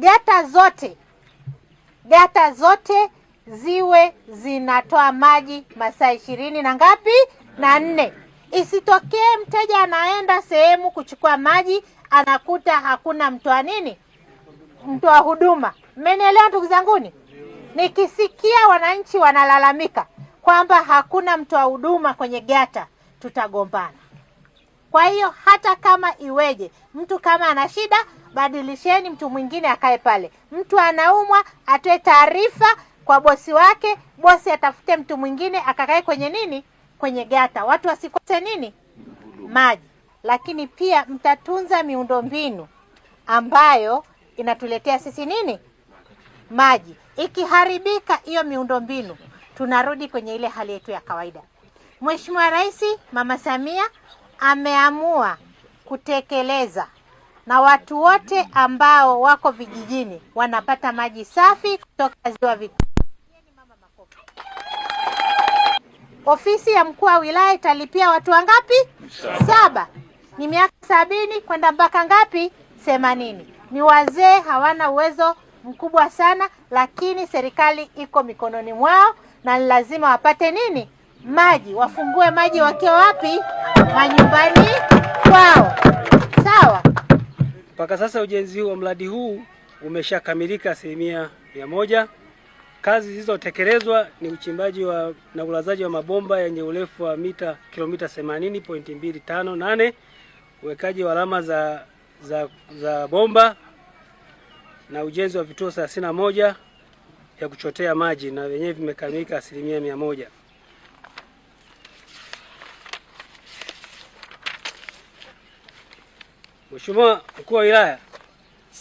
Gata zote gata zote ziwe zinatoa maji masaa ishirini na ngapi na nne. Isitokee mteja anaenda sehemu kuchukua maji anakuta hakuna mtoa nini, mtoa huduma. Mmenielewa ndugu zanguni? Nikisikia wananchi wanalalamika kwamba hakuna mtoa huduma kwenye gata, tutagombana. Kwa hiyo hata kama iweje, mtu kama ana shida, badilisheni mtu mwingine akae pale. Mtu anaumwa, atoe taarifa kwa bosi wake, bosi atafute mtu mwingine akakae kwenye nini, kwenye gata, watu wasikose nini, maji. Lakini pia mtatunza miundo mbinu ambayo inatuletea sisi nini, maji. Ikiharibika hiyo miundo mbinu tunarudi kwenye ile hali yetu ya kawaida. Mheshimiwa Rais Mama Samia ameamua kutekeleza na watu wote ambao wako vijijini wanapata maji safi kutoka ziwa Victoria. Ofisi ya mkuu wa wilaya italipia watu wangapi? Saba. Ni miaka sabini kwenda mpaka ngapi? Themanini. Ni wazee, hawana uwezo mkubwa sana, lakini serikali iko mikononi mwao na ni lazima wapate nini? Maji. Wafungue maji wakiwa wapi? manyumbani kwao. Sawa. Mpaka sasa ujenzi huu wa mradi huu umeshakamilika asilimia mia moja. Kazi zilizotekelezwa ni uchimbaji wa na ulazaji wa mabomba yenye urefu wa mita kilomita 80.258, uwekaji wa alama za, za, za bomba na ujenzi wa vituo 31 ya kuchotea maji na vyenyewe vimekamilika asilimia mia moja. Mheshimiwa Mkuu wa Wilaya,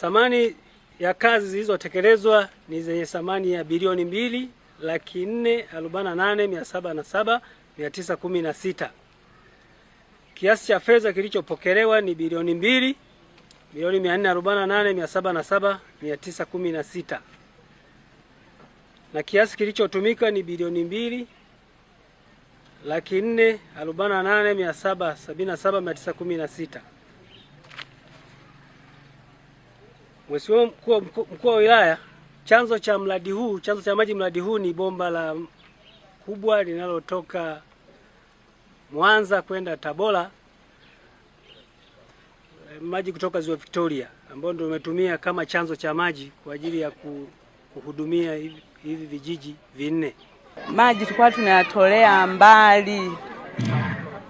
thamani ya kazi zilizotekelezwa ni zenye thamani ya bilioni mbili laki nne arobaini na nane mia saba na saba mia tisa kumi na sita. Kiasi cha fedha kilichopokelewa ni bilioni mbili milioni mia nne arobaini na nane mia saba na saba mia tisa kumi na sita na kiasi kilichotumika ni bilioni mbili laki nne arobaini na nane mia saba sabini na saba mia tisa kumi na sita. Mheshimiwa Mkuu wa Wilaya, chanzo cha mradi huu, chanzo cha maji mradi huu ni bomba la kubwa linalotoka Mwanza kwenda Tabora, maji kutoka Ziwa Victoria ambao ndio umetumia kama chanzo cha maji kwa ajili ya kuhudumia hivi, hivi vijiji vinne. Maji tulikuwa tunayatolea mbali,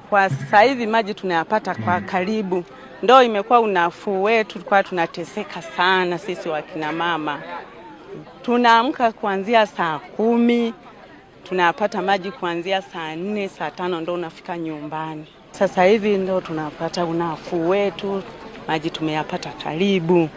kwa sasa hivi maji tunayapata kwa karibu ndo imekuwa unafuu wetu. Tulikuwa tunateseka sana sisi mama tunaamka kuanzia saa kumi tunapata maji kuanzia saa nne saa tano ndo unafika nyumbani. Sasa hivi ndo tunapata unafuu wetu, maji tumeyapata karibu.